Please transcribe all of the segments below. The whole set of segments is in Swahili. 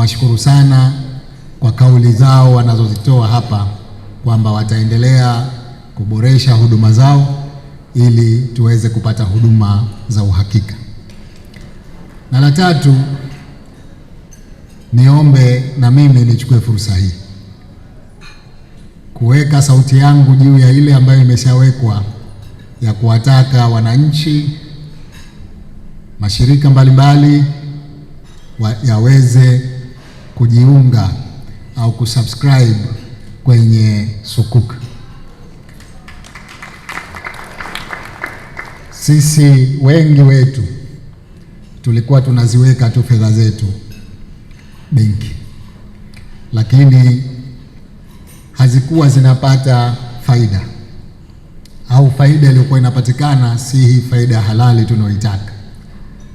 nawashukuru sana kwa kauli zao wanazozitoa hapa kwamba wataendelea kuboresha huduma zao ili tuweze kupata huduma za uhakika. Na la tatu, niombe na mimi nichukue fursa hii kuweka sauti yangu juu ya ile ambayo imeshawekwa ya kuwataka wananchi, mashirika mbalimbali mbali, yaweze kujiunga au kusubscribe kwenye sukuk Sisi wengi wetu tulikuwa tunaziweka tu fedha zetu benki, lakini hazikuwa zinapata faida au faida iliyokuwa inapatikana si hii faida halali tunaoitaka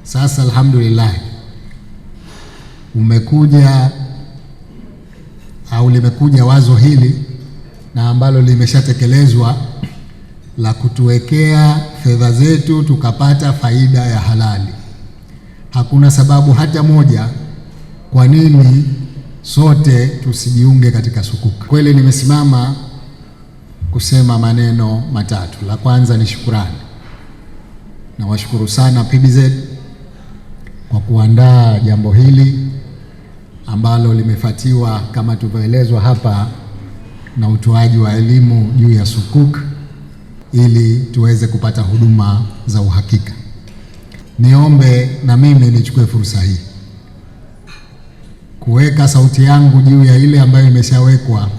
Sasa alhamdulillah umekuja au limekuja wazo hili na ambalo limeshatekelezwa la kutuwekea fedha zetu tukapata faida ya halali. Hakuna sababu hata moja kwa nini sote tusijiunge katika sukuka. Kweli nimesimama kusema maneno matatu. La kwanza ni shukurani. Nawashukuru sana PBZ kwa kuandaa jambo hili ambalo limefatiwa kama tulivyoelezwa hapa na utoaji wa elimu juu ya sukuk ili tuweze kupata huduma za uhakika. Niombe na mimi nichukue fursa hii kuweka sauti yangu juu ya ile ambayo imeshawekwa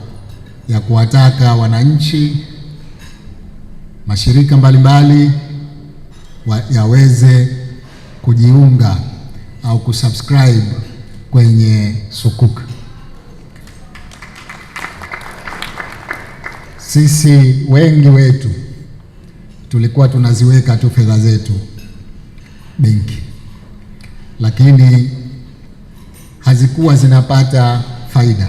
ya kuwataka wananchi, mashirika mbalimbali mbali, yaweze kujiunga au kusubscribe kwenye sukuk Sisi wengi wetu tulikuwa tunaziweka tu fedha zetu benki, lakini hazikuwa zinapata faida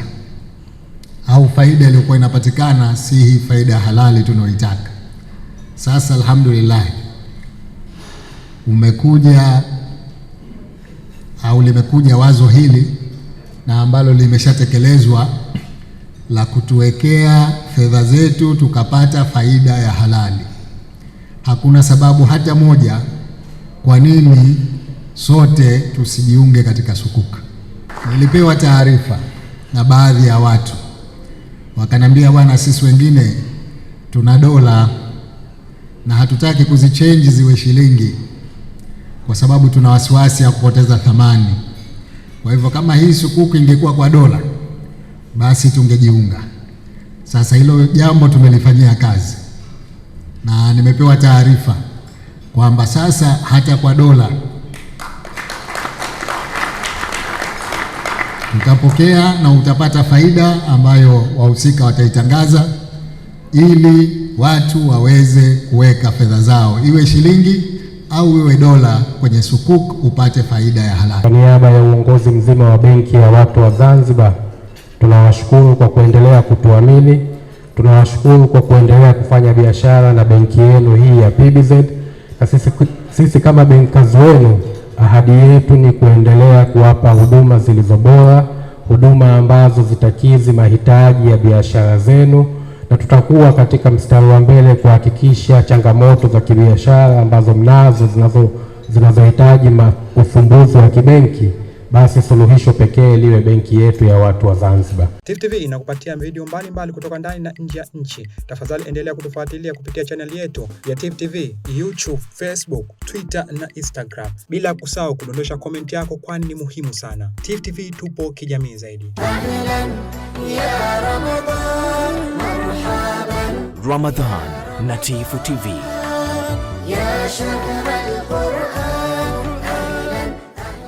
au faida iliyokuwa inapatikana si hii faida halali tunaoitaka Sasa alhamdulillah, umekuja au limekuja wazo hili na ambalo limeshatekelezwa la kutuwekea fedha zetu tukapata faida ya halali. Hakuna sababu hata moja kwa nini sote tusijiunge katika SUKUKA. Nilipewa taarifa na baadhi ya watu wakanambia, bwana, sisi wengine tuna dola na hatutaki kuzichenji ziwe shilingi kwa sababu tuna wasiwasi ya kupoteza thamani. Kwa hivyo kama hii sukuku ingekuwa kwa dola, basi tungejiunga. Sasa hilo jambo tumelifanyia kazi na nimepewa taarifa kwamba sasa hata kwa dola utapokea na utapata faida ambayo wahusika wataitangaza ili watu waweze kuweka fedha zao, iwe shilingi au wewe dola kwenye sukuk upate faida ya halali. Kwa niaba ya uongozi mzima wa Benki ya Watu wa Zanzibar, tunawashukuru kwa kuendelea kutuamini, tunawashukuru kwa kuendelea kufanya biashara na benki yenu hii ya PBZ, na sisi, sisi kama benkazi wenu ahadi yetu ni kuendelea kuwapa huduma zilizo bora, huduma ambazo zitakidhi mahitaji ya biashara zenu na tutakuwa katika mstari wa mbele kuhakikisha changamoto za kibiashara ambazo mnazo zinazo zinazohitaji ufumbuzi wa kibenki, basi suluhisho pekee liwe benki yetu ya watu wa Zanzibar. Tifu TV inakupatia video mbalimbali kutoka ndani na nje ya nchi. Tafadhali endelea kutufuatilia kupitia chaneli yetu ya Tifu TV, YouTube, Facebook, Twitter na Instagram, bila kusahau kudondosha komenti yako, kwani ni muhimu sana. Tifu TV tupo kijamii zaidi. Ramadhan na Tifu TV.